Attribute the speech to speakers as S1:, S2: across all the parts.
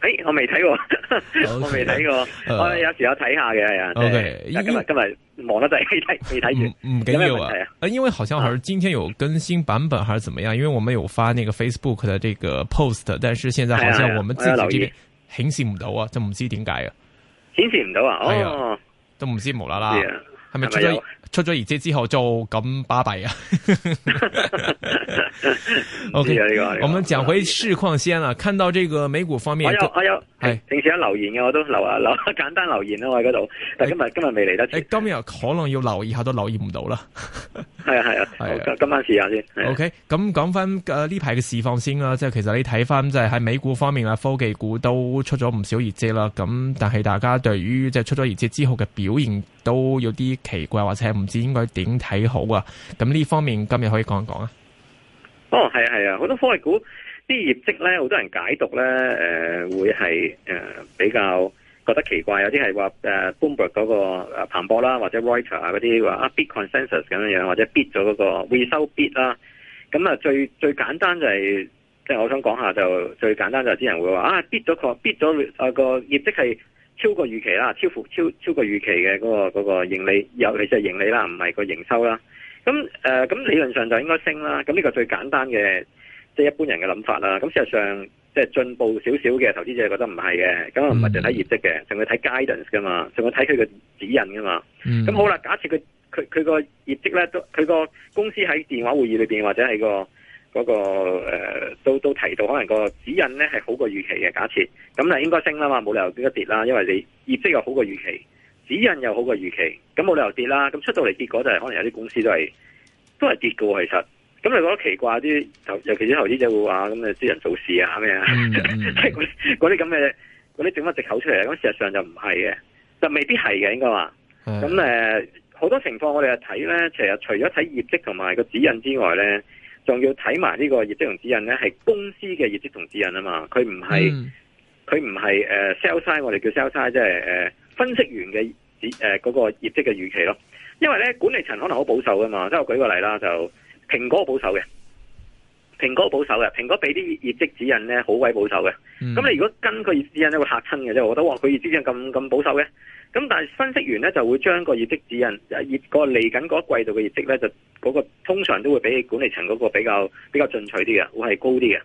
S1: 誒、欸，我未睇過， 我未睇看過 okay, uh, okay, uh,，我有時有睇下嘅，ok 今日今日忙得滯，未睇未睇住，唔
S2: 緊要啊。啊，因為好像還是今日有更新版本，還是點樣？因為我們有發那個 Facebook 的這個 post，但是現在好像我們自己這邊顯示唔到啊，就唔知點解啊，顯示唔到啊，哦，哎、呀都唔知無啦啦。係咪出咗出咗二隻之後就咁巴閉啊？OK，、啊、我們講回市況先啦、啊。有看到這個美股方面，係是平時有留言嘅，我都留下，留，簡單留言咯。我喺嗰度。但今日、欸、今日未嚟得，欸。今日可能要留意一下，都留意唔到啦。
S1: 係 啊係啊係今晚試下先試試。O
S2: K，咁講翻呢排嘅市況先啦，即係、okay, 其實你睇翻，即係喺美股方面啊，科技股都出咗唔少業績啦。咁但係大家對於即係出咗業績之後嘅表現，都有啲奇怪或者唔知應該點睇好啊。咁呢方面今日可以講一講、哦、啊。哦，
S1: 係啊係啊，好多科技股。啲業績咧，好多人解讀咧，誒、呃、會係誒、呃、比較覺得奇怪，有啲係話誒、呃、Bloomberg 嗰個誒彭博啦，或者 Writer 啊嗰啲話啊 Bitcoin consensus 咁樣樣或者 bit 咗嗰個回收 bit 啦。咁啊，最最簡單就係、是、即係我想講下就最簡單就係啲人會話啊，bit 咗個 bit 咗啊個業績係超過預期啦，超乎超超過預期嘅嗰、那個嗰、那個那個、盈利，尤其是盈利啦，唔係個營收啦。咁咁、呃、理論上就應該升啦。咁呢個最簡單嘅。即係一般人嘅諗法啦，咁事實上即係進步少少嘅投資者覺得唔係嘅，咁唔係淨睇業績嘅，仲要睇 guidance 噶嘛，仲要睇佢嘅指引噶嘛。咁、嗯、好啦，假設佢佢佢個業績咧都佢個公司喺電話會議裏邊或者喺個嗰、嗰個、呃、都都提到，可能個指引咧係好過預期嘅。假設咁就應該升啦嘛，冇理由應該跌啦，因為你業績又好過預期，指引又好過預期，咁冇理由跌啦。咁出到嚟結果就係可能有啲公司都係都係跌嘅、啊、其實。咁你覺得奇怪啲，尤其是投資者會話，咁誒知人做事啊咩啊？嗰啲咁嘅嗰啲整乜藉口出嚟咁。事實上就唔係嘅，就未必係嘅應該話。咁誒好多情況我哋就睇咧，其實除咗睇業績同埋個指引之外咧，仲要睇埋呢個業績同指引咧係公司嘅業績同指引啊嘛，佢唔係佢唔係誒 sell side 我哋叫 sell side 即係誒、呃、分析員嘅指嗰個業績嘅預期咯。因為咧管理層可能好保守噶嘛，即係我舉個例啦就。蘋果保守嘅，蘋果保守嘅，蘋果俾啲業績指引咧好鬼保守嘅。咁你、嗯、如果你跟佢業指引咧會嚇親嘅，即我覺得哇佢業指引咁咁保守嘅。咁但係分析員咧就會將個業績指引，業個嚟緊嗰一季度嘅業績咧，就嗰、嗰個通常都會比管理層嗰個比較比較進取啲嘅，會係高啲嘅。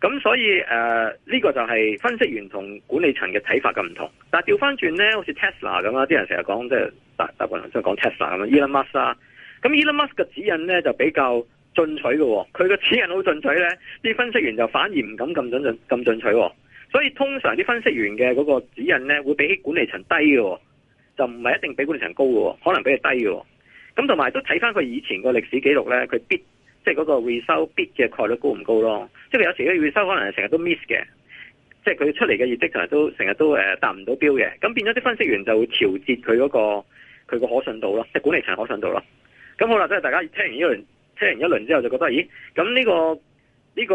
S1: 咁所以誒呢、呃呢個就係分析員同管理層嘅睇法嘅唔同。但係調翻轉咧，好似 Tesla 咁啦，啲人成日講即係大大部分即係講 Tesla 咁樣，Elon Musk 啊。咁 Elon Musk 嘅指引咧就比較進取嘅、哦，佢嘅指引好進取咧，啲分析員就反而唔敢咁進取咁、哦、取。所以通常啲分析員嘅嗰個指引咧會比起管理層低嘅、哦，就唔係一定比管理層高嘅、哦，可能比佢低嘅、哦。咁同埋都睇翻佢以前個歷史記錄咧，佢 beat，即係嗰個 result beat 嘅概率高唔高咯？即、就、係、是、有時嘅 result 可能成日都 miss 嘅，即係佢出嚟嘅業績成日都成日都搭達唔到標嘅。咁變咗啲分析員就會調節佢嗰、那個佢可信度咯，即、就是、管理層可信度咯。咁好啦，即係大家聽完一輪，聽完一輪之後就覺得，咦？咁呢個呢個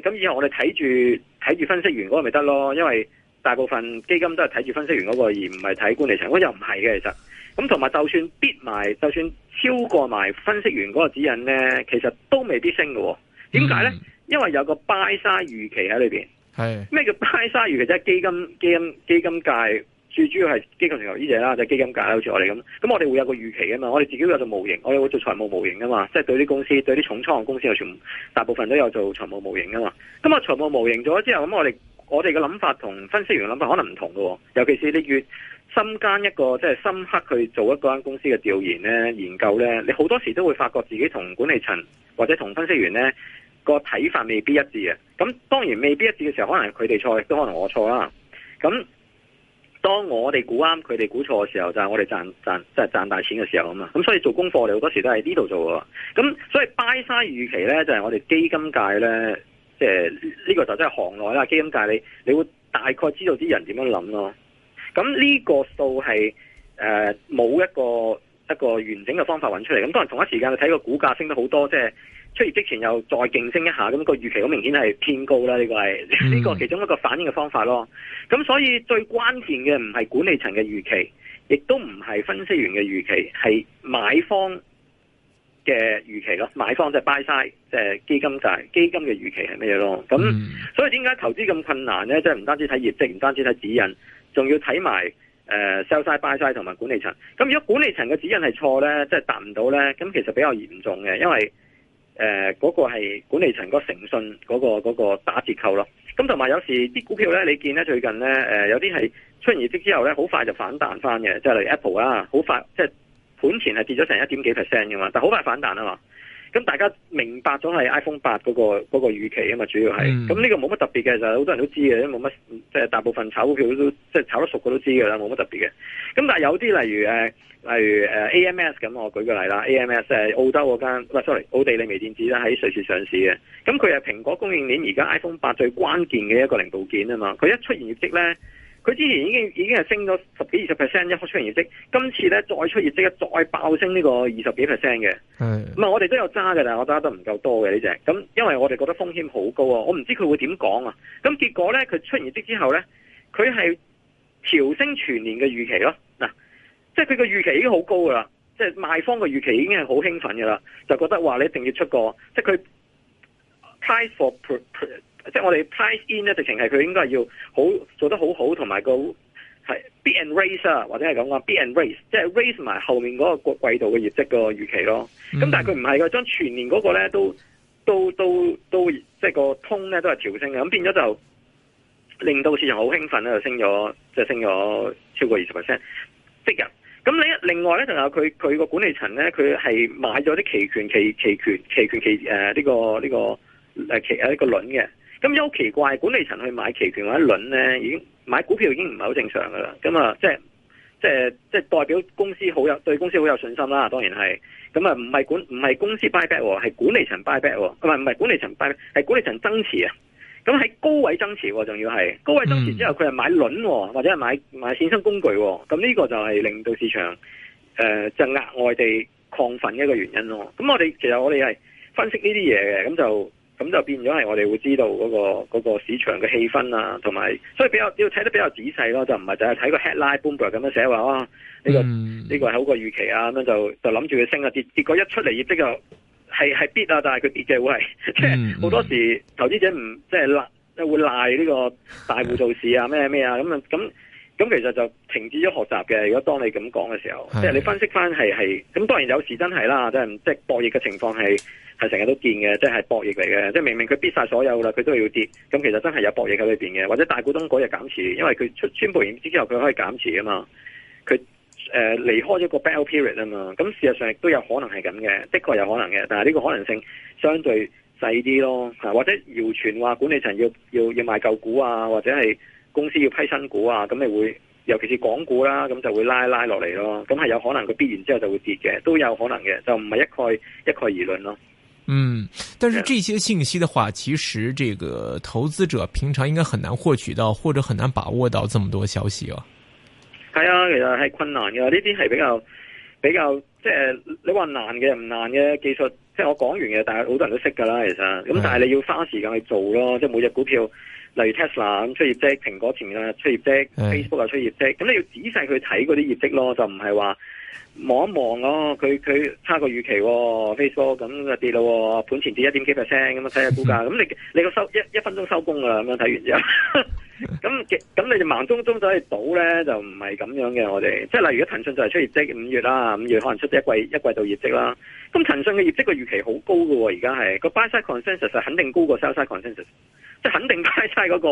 S1: 咁以後我哋睇住睇住分析員嗰個咪得咯，因為大部分基金都係睇住分析員嗰個，而唔係睇管理層。我又唔係嘅，其實咁同埋就算必埋，就算超過埋分析員嗰個指引咧，其實都未必升嘅。點解咧？嗯、因為有個 buy side 預期喺裏邊。係咩的叫 buy side 預期？即係基金、基金、基金界。最主要係機構投資者啦，就係基金界好似我哋咁。咁我哋會有個預期嘅嘛，我哋自己會有做模型，我哋會做財務模型嘅嘛。即係對啲公司，對啲重倉嘅公司，有全部大部分都有做財務模型嘅嘛。咁啊，財務模型做咗之後，咁我哋我哋嘅諗法同分析員嘅諗法可能唔同嘅喎。尤其是你越深間一個，即係深刻去做一間公司嘅調研咧、研究咧，你好多時都會發覺自己同管理層或者同分析員咧個睇法未必一致嘅。咁當然未必一致嘅時候，可能佢哋錯，亦都可能我錯啦。咁當我哋估啱，佢哋估錯嘅時候，就係我哋賺賺即係賺大錢嘅時候啊嘛！咁所以做功課，你好多時都係呢度做嘅。咁所以拜沙預期呢，就係我哋基金界呢，即係呢個就真係行內啦。基金界你你會大概知道啲人點樣諗咯。咁呢個數係誒冇一個一個完整嘅方法搵出嚟。咁當然同一時間你睇個股價升得好多，即係。出業績之前又再勁升一下，咁個預期好明顯係偏高啦。呢、這個係呢個其中一個反映嘅方法咯。咁所以最關鍵嘅唔係管理層嘅預期，亦都唔係分析員嘅預期，係買方嘅預期咯。買方即係 buy side，即係基金就界，基金嘅預期係咩嘢咯？咁、嗯、所以點解投資咁困難呢？即係唔單止睇業績，唔單止睇指引，仲要睇埋誒 sell side buy side 同埋管理層。咁如果管理層嘅指引係錯呢？即係達唔到呢？咁其實比較嚴重嘅，因為誒嗰、呃那個係管理層嗰誠信嗰、那個嗰、那個打折扣咯，咁同埋有時啲股票咧，你見咧最近咧誒、呃、有啲係出現業績之後咧，好快就反彈翻嘅，即係例如 Apple 啊，好快即係、就是、盤前係跌咗成一點幾 percent 㗎嘛，但好快反彈啊嘛。咁大家明白咗係 iPhone 八嗰個嗰個預期啊嘛，主要係，咁呢個冇乜特別嘅，就好多人都知嘅，冇乜即係大部分炒股票都即係、即係、炒得熟嘅都知嘅啦，冇乜特別嘅。咁但係有啲例如、啊、例如 AMS 咁，啊、AMS，我舉個例啦，AMS 係澳洲嗰間，sorry，奧地利微電子啦，喺瑞士上市嘅，咁佢係蘋果供應鏈而家 iPhone 八最關鍵嘅一個零部件啊嘛，佢一出現業績咧。佢之前已經已經係升咗十幾二十 percent，一出出完業績，今次咧再出業績，再爆升呢個二十幾 percent 嘅。係，咁啊的，我哋都有揸噶啦，但係我揸得唔夠多嘅呢隻。咁、這個、因為我哋覺得風險好高啊，我唔知佢會點講啊。咁結果咧，佢出完業績之後咧，佢係調升全年嘅預期咯。嗱、啊，即係佢嘅預期已經好高噶啦，即係賣方嘅預期已經係好興奮噶啦，就覺得話你一定要出個，即係佢 price for per, per, 即係我哋 price in 咧，直情係佢應該要好做得好好，同埋個係 b i a t and r a c e 啊，或者係講話 b i a t and r a c e 即係 r a c e 埋後面嗰個季度嘅業績個預期咯。咁、mm hmm. 但係佢唔係㗎，將全年嗰個咧都都都都即係個通咧都係調升嘅。咁變咗就令到市場好興奮咧，就升咗即、就是、升咗超過二十 percent，即日。咁另另外咧，仲有佢佢個管理層咧，佢係買咗啲期權期期權期權期誒呢個呢、這個誒期一個輪嘅。咁有奇怪，管理層去買期權或者輪咧，已經買股票已經唔係好正常噶啦。咁啊，即係即係即係代表公司好有對公司好有信心啦，當然係。咁啊，唔係管唔係公司 buy back，係、哦、管理層 buy back，唔係唔係管理層 buy back，係管理層增持啊。咁喺高位增持、哦，仲要係高位增持之後買輪、哦，佢係買輪或者係買買衍生工具、哦。咁呢個就係令到市場誒、呃、就額外地亢奮嘅一個原因咯、哦。咁我哋其實我哋係分析呢啲嘢嘅，咁就。咁就變咗係我哋會知道嗰、那個那個市場嘅氣氛啊，同埋所以比較要睇得比較仔細咯，就唔係淨係睇個 headline Bloomberg 咁樣寫話，啊、哦。呢、這個呢、這個係好過預期啊，咁樣就就諗住佢升啊，結果一出嚟業績又係係必啊，但係佢跌嘅會係即係好多時投資者唔，即係會賴呢個大戶做事啊咩咩啊咁咁。咁其實就停止咗學習嘅。如果當你咁講嘅時候，的即係你分析翻係係咁，當然有時真係啦，即係即係博弈嘅情況係係成日都見嘅，即係博弈嚟嘅。即係明明佢必晒所有啦，佢都要跌。咁其實真係有博弈喺裏面嘅，或者大股東嗰日減持，因為佢出宣佈完之後佢可以減持啊嘛。佢誒、呃、離開咗個 bell period 啊嘛。咁事實上亦都有可能係咁嘅，的確有可能嘅，但係呢個可能性相對細啲咯。或者謠傳話管理層要要要賣舊股啊，或者係。公司要批新股啊，咁你會尤其是港股啦、啊，咁就會拉一拉落嚟咯。咁係有可能佢必然之後就會跌嘅，都有可能嘅，就唔係一概一概而論咯。嗯，
S2: 但是這些信息的話，其實這個投資者平常應該很難獲取到，或者很難把握到這麼多消息咯、
S1: 啊。係啊、嗯，其實係困難嘅，呢啲係比較比較即係你話難嘅唔難嘅技術，即係我講完嘅，但係好多人都識噶啦，其實咁但係你要花時間去做咯，即係的每隻股票。例如 Tesla 出業績，蘋果前面啦出業績的，Facebook 又出業績，咁你要仔細去睇嗰啲業績咯，就唔係話望一望咯。佢佢差過預期，Facebook 咁就跌咗咯，盤前跌一點幾 percent 咁啊，睇下股價。咁 你你個收一一分鐘收工噶啦，咁樣睇完之後，咁 咁你就盲中中就可以賭咧，就唔係咁樣嘅。我哋即係例如，如果騰訊就係出業績，五月啦，五月可能出啲一季一季度業績啦。咁騰訊嘅業績個預期好高噶，而家係個 buy side consensus 係肯定高過 sell side consensus。即肯定派晒嗰個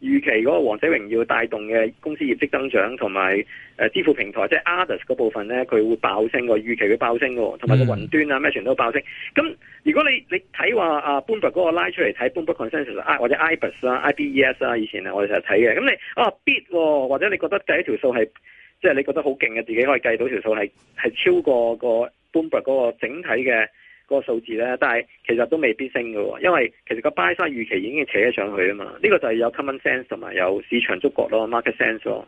S1: 預期嗰個王者榮耀帶動嘅公司業績增長，同埋誒支付平台即係、就是、Arts 嗰部分咧，佢會爆升喎。預期會爆升喎，同埋個雲端啊、咩全都爆升。咁如果你你睇話阿 Bloomberg 嗰個拉出嚟睇 Bloomberg Consensus 或者 Ibis 啊、IBES 啊，以前啊我哋成日睇嘅。咁你啊 Bid 或者你覺得計一條數係即係你覺得好勁嘅，自己可以計到條數係超過個 Bloomberg 嗰個整體嘅。個數字咧，但係其實都未必升喎、哦，因為其實個 buy side 預期已經扯咗上去啊嘛。呢、這個就係有 common sense 同埋有,有市場觸覺咯，market sense 咯。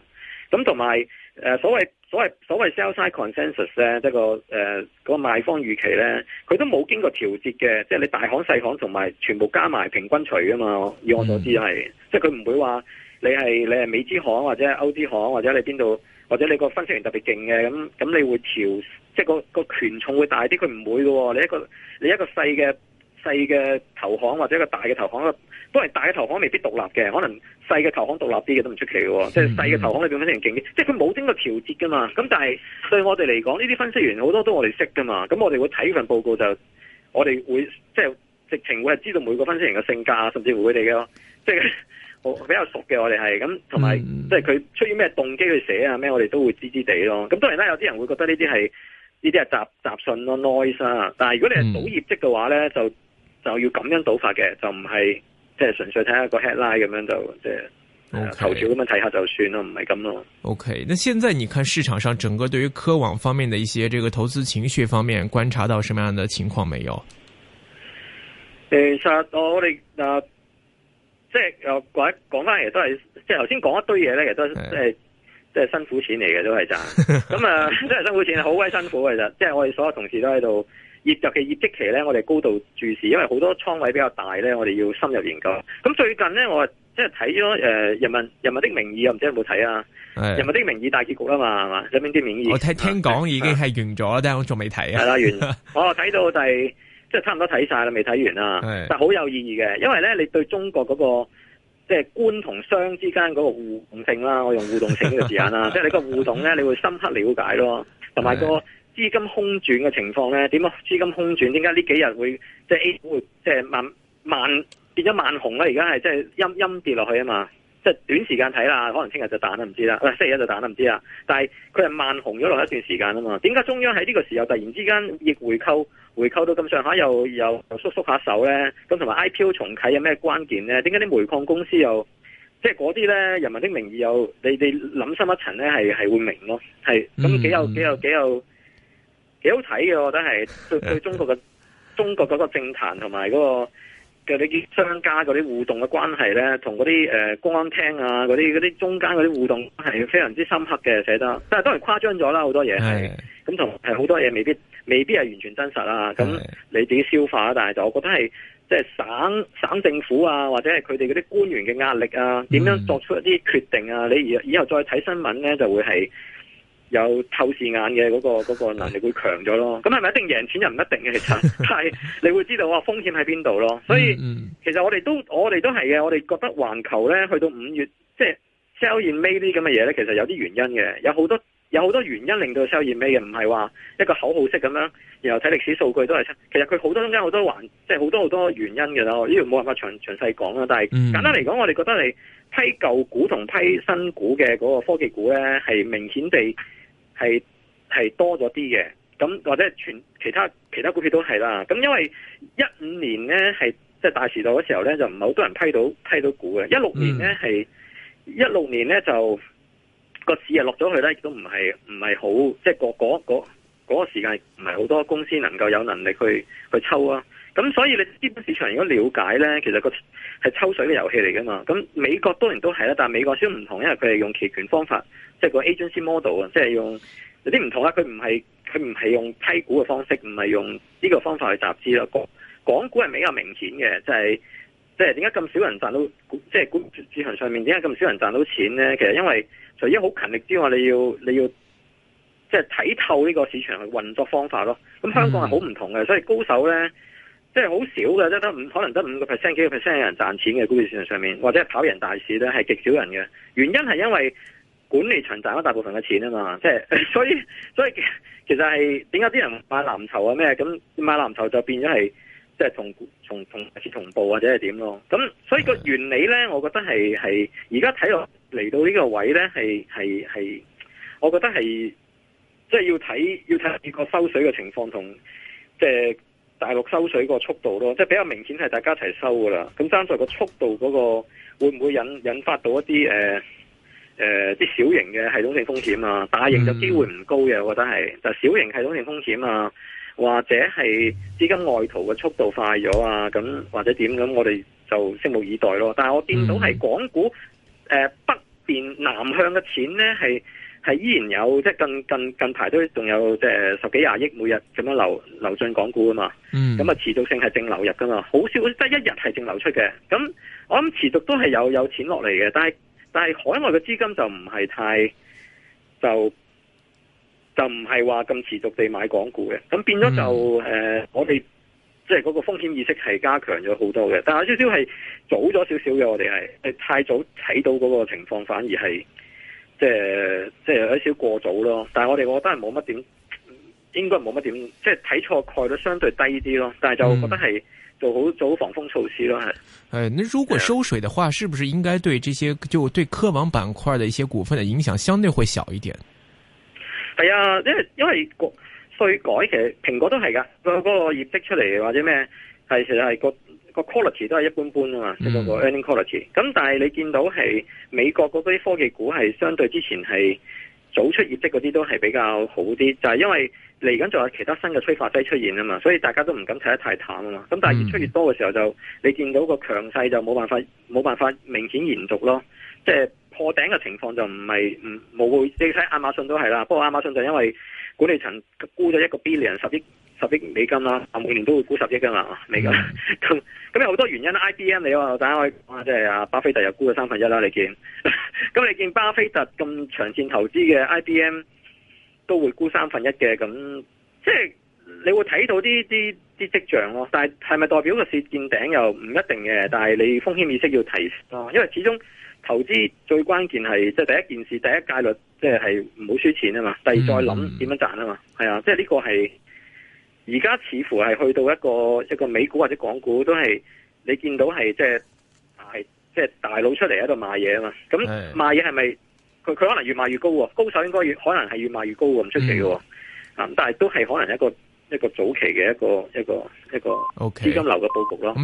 S1: 咁同埋誒所謂所謂所謂 sell side consensus 咧，即係個誒嗰、呃那個賣方預期咧，佢都冇經過調節嘅，即係你大行細行同埋全部加埋平均除啊嘛。以我所知係，嗯、即係佢唔會話你係你係美資行或者係歐資行或者你邊度或者你個分析員特別勁嘅咁咁，你會調。即係個個權重會大啲，佢唔會嘅、哦。你一個你一個細嘅細嘅投行或者一個大嘅投行，當然大嘅投行未必獨立嘅，可能細嘅投行獨立啲嘅都唔出奇嘅、哦。即係細嘅投行裏邊可能勁啲，嗯、即係佢冇經過調節噶嘛。咁但係對我哋嚟講，呢啲分析員好多都我哋識噶嘛。咁我哋會睇份報告就，我哋會即係直情會係知道每個分析員嘅性格啊，甚至乎佢哋嘅咯，即係我 比較熟嘅，我哋係咁同埋即係佢出於咩動機去寫啊咩，我哋都會知知地咯。咁當然啦，有啲人會覺得呢啲係。呢啲係雜雜訊咯 noise 啊，但係如果你係賭業績嘅話咧、嗯，就就要咁樣賭法嘅，就唔係即係純粹睇下個 headline 咁樣就即係頭條咁樣睇下就算咯，唔係咁咯。
S2: OK，那現在你看市場上整個對於科網方面嘅一些這個投資情緒方面，觀察到什麼樣嘅情況沒有？
S1: 其實我哋誒、呃，即係又講講翻都係，即係頭先講一堆嘢咧，其實都係即係。即係辛苦錢嚟嘅，都係賺。咁啊， 真係辛苦錢，好鬼 辛苦嘅。其實，即係我哋所有同事都喺度。業尤其業績期咧，我哋高度注視，因為好多倉位比較大咧，我哋要深入研究。咁最近咧，我即係睇咗誒《人民人民的名義》，又唔知有冇睇啊？
S2: 《人民的
S1: 名義》大結局啦嘛，係
S2: 嘛？有邊啲名義，我聽聽講已經係完咗，但係的我仲未睇啊。係啦，完。
S1: 我睇、 哦、到第、就是，即係差唔多睇曬啦，未睇完啦。的但係好有意義嘅，因為咧，你對中國嗰、那個。即係官同商之間嗰個互動性啦，我用互動性呢個字眼啦， 即係你個互動咧，你會深刻了解咯，同埋個資金空轉嘅情況咧，點解資金空轉，點解呢幾日會即係 A 股會即係慢慢變咗慢紅咧？而家係即係陰陰跌落去啊嘛，即係短時間睇啦，可能聽日就彈都唔知啦，星期一就彈都唔知啦，但係佢係慢紅咗落一段時間啊嘛，點解中央喺呢個時候突然之間逆回購？回購到咁上下又又,又縮縮下手咧，咁同埋 IPO 重啟有咩關鍵咧？點解啲煤礦公司又即係嗰啲咧？人民的名義又你你諗深一層咧，係係會明咯，係咁幾有幾、嗯、有幾有幾、嗯、好睇嘅，我覺得係對對中國嘅的中國嗰個政壇同埋嗰個嘅啲商家嗰啲互動嘅關係咧，同嗰啲誒公安廳啊嗰啲嗰啲中間嗰啲互動係非常之深刻嘅寫得，但係當然誇張咗啦好多嘢係，咁同好多嘢未必。未必係完全真實啊，咁你自己消化是的 但係就我覺得係，即係省省政府啊，或者係佢哋嗰啲官員嘅壓力啊，點樣作出一啲決定啊？嗯、你以後再睇新聞呢，就會係有透視眼嘅嗰、嗰個嗰、嗰個能力會強咗咯。咁係咪一定贏錢又唔一定嘅？其實係 你會知道啊，風險喺邊度咯。所以其實我哋都我哋都係嘅，我哋覺得環球呢，去到五月，即係 sell in May 啲咁嘅嘢呢，其實有啲原因嘅，有好多。有好多原因令到收 e l 尾嘅，唔係話一個口號式咁樣，然後睇歷史數據都係。其實佢好多中間好多環，即係好多好多原因嘅咯。呢度冇辦法詳詳細講啦。但係、嗯、簡單嚟講，我哋覺得你批舊股同批新股嘅嗰個科技股咧，係明顯地係係多咗啲嘅。咁或者全其他其他股票都係啦。咁因為一五年咧係即係大時代嘅時候咧，就唔係好多人批到批到股嘅。一六年咧係一六年咧就。個市又落咗去咧，亦都唔係唔係好，即係個嗰嗰嗰個時間唔係好多公司能夠有能力去去抽啊。咁所以你資本市場如果了解咧，其實個係抽水嘅遊戲嚟噶嘛。咁美國當然都係啦，但係美國先唔同，因為佢係用期權方法，即係個 agency model 啊，即係用有啲唔同啊。佢唔係佢唔係用批股嘅方式，唔係用呢個方法去集資啦，港港股係比較明顯嘅，即係。即係點解咁少人賺到？即係股市場上面點解咁少人賺到錢咧？其實因為除咗好勤力之外，你要你要即係睇透呢個市場嘅運作方法咯。咁香港係好唔同嘅，所以高手咧，即係好少嘅，得得五可能得五個 percent 幾個 percent 有人賺錢嘅。股市市場上面或者係跑贏大市咧，係極少人嘅。原因係因為管理層賺咗大部分嘅錢啊嘛。即係所以所以其實係點解啲人買藍籌啊咩？咁買藍籌就變咗係。即係同同同似同步或者係點咯，咁所以個原理呢，我覺得係係而家睇落嚟到呢個位呢，係係係，我覺得係即係要睇要睇下個收水嘅情況同即係大陸收水個速度咯，即係比較明顯係大家一齊收噶啦。咁爭在個速度嗰個會唔會引引發到一啲誒誒啲小型嘅系統性風險啊？大型嘅機會唔高嘅，我覺得係就小型系統性風險啊。或者係資金外逃嘅速度快咗啊，咁或者點咁，我哋就拭目以待咯。但係我見到係港股誒、呃、北邊南向嘅錢呢，係係依然有，即係近近近排都仲有即係十幾廿億每日咁樣流流進港股啊嘛。咁啊、嗯、持續性係淨流入噶嘛，好少即一日係淨流出嘅。咁我諗持續都係有有錢落嚟嘅，但係但係海外嘅資金就唔係太就。就唔係話咁持續地買港股嘅，咁變咗就誒、嗯呃，我哋即係嗰個風險意識係加強咗好多嘅，但係有少少係早咗少少嘅，我哋係誒太早睇到嗰個情況，反而係即係即係有少少過早咯。但係我哋我覺得係冇乜點，應該冇乜點，即係睇錯概率相對低啲咯。但係就覺得係做好、嗯、做好防風措施咯，係。
S2: 誒，那如果收水的話，是不是應該對這些就對科網板塊的一些股份的影響相對會小一點？
S1: 係啊，因為因為個稅改其實蘋果都係噶，那個嗰業績出嚟或者咩，係其實係個個 quality 都係一般般啊嘛，即、嗯、個 earning quality。咁但係你見到係美國嗰啲科技股係相對之前係早出業績嗰啲都係比較好啲，就係、是、因為嚟緊仲有其他新嘅催化劑出現啊嘛，所以大家都唔敢睇得太淡啊嘛。咁但係越出越多嘅時候就你見到個強勢就冇辦法冇辦法明顯延續咯，即係。破頂嘅情況就唔係唔冇，你睇亞馬遜都係啦。不過亞馬遜就因為管理層沽咗一個 billion 十億十億美金啦，啊每年都會沽十億噶嘛美金。咁咁、嗯、 有好多原因。IBM 你話大家可以講下，即係啊巴菲特又沽咗三分一啦。你見咁 你見巴菲特咁長線投資嘅 IBM 都會沽三分一嘅，咁即係你會睇到啲啲啲跡象咯。但係係咪代表個市見頂又唔一定嘅？但係你風險意識要提，因為始終。投資最關鍵係即係第一件事，第一戒律即係唔好輸錢啊嘛，第二再諗點樣賺啊嘛，係啊、嗯，即係呢個係而家似乎係去到一個一個美股或者港股都係你見到係即係大即係、即係、大佬出嚟喺度賣嘢啊嘛，咁賣嘢係咪佢佢可能越賣越高？高手應該越可能係越賣越高唔出奇嘅，咁、嗯、但係都係可能一個一個早期嘅一個一個一個資金流嘅布局咯。Okay.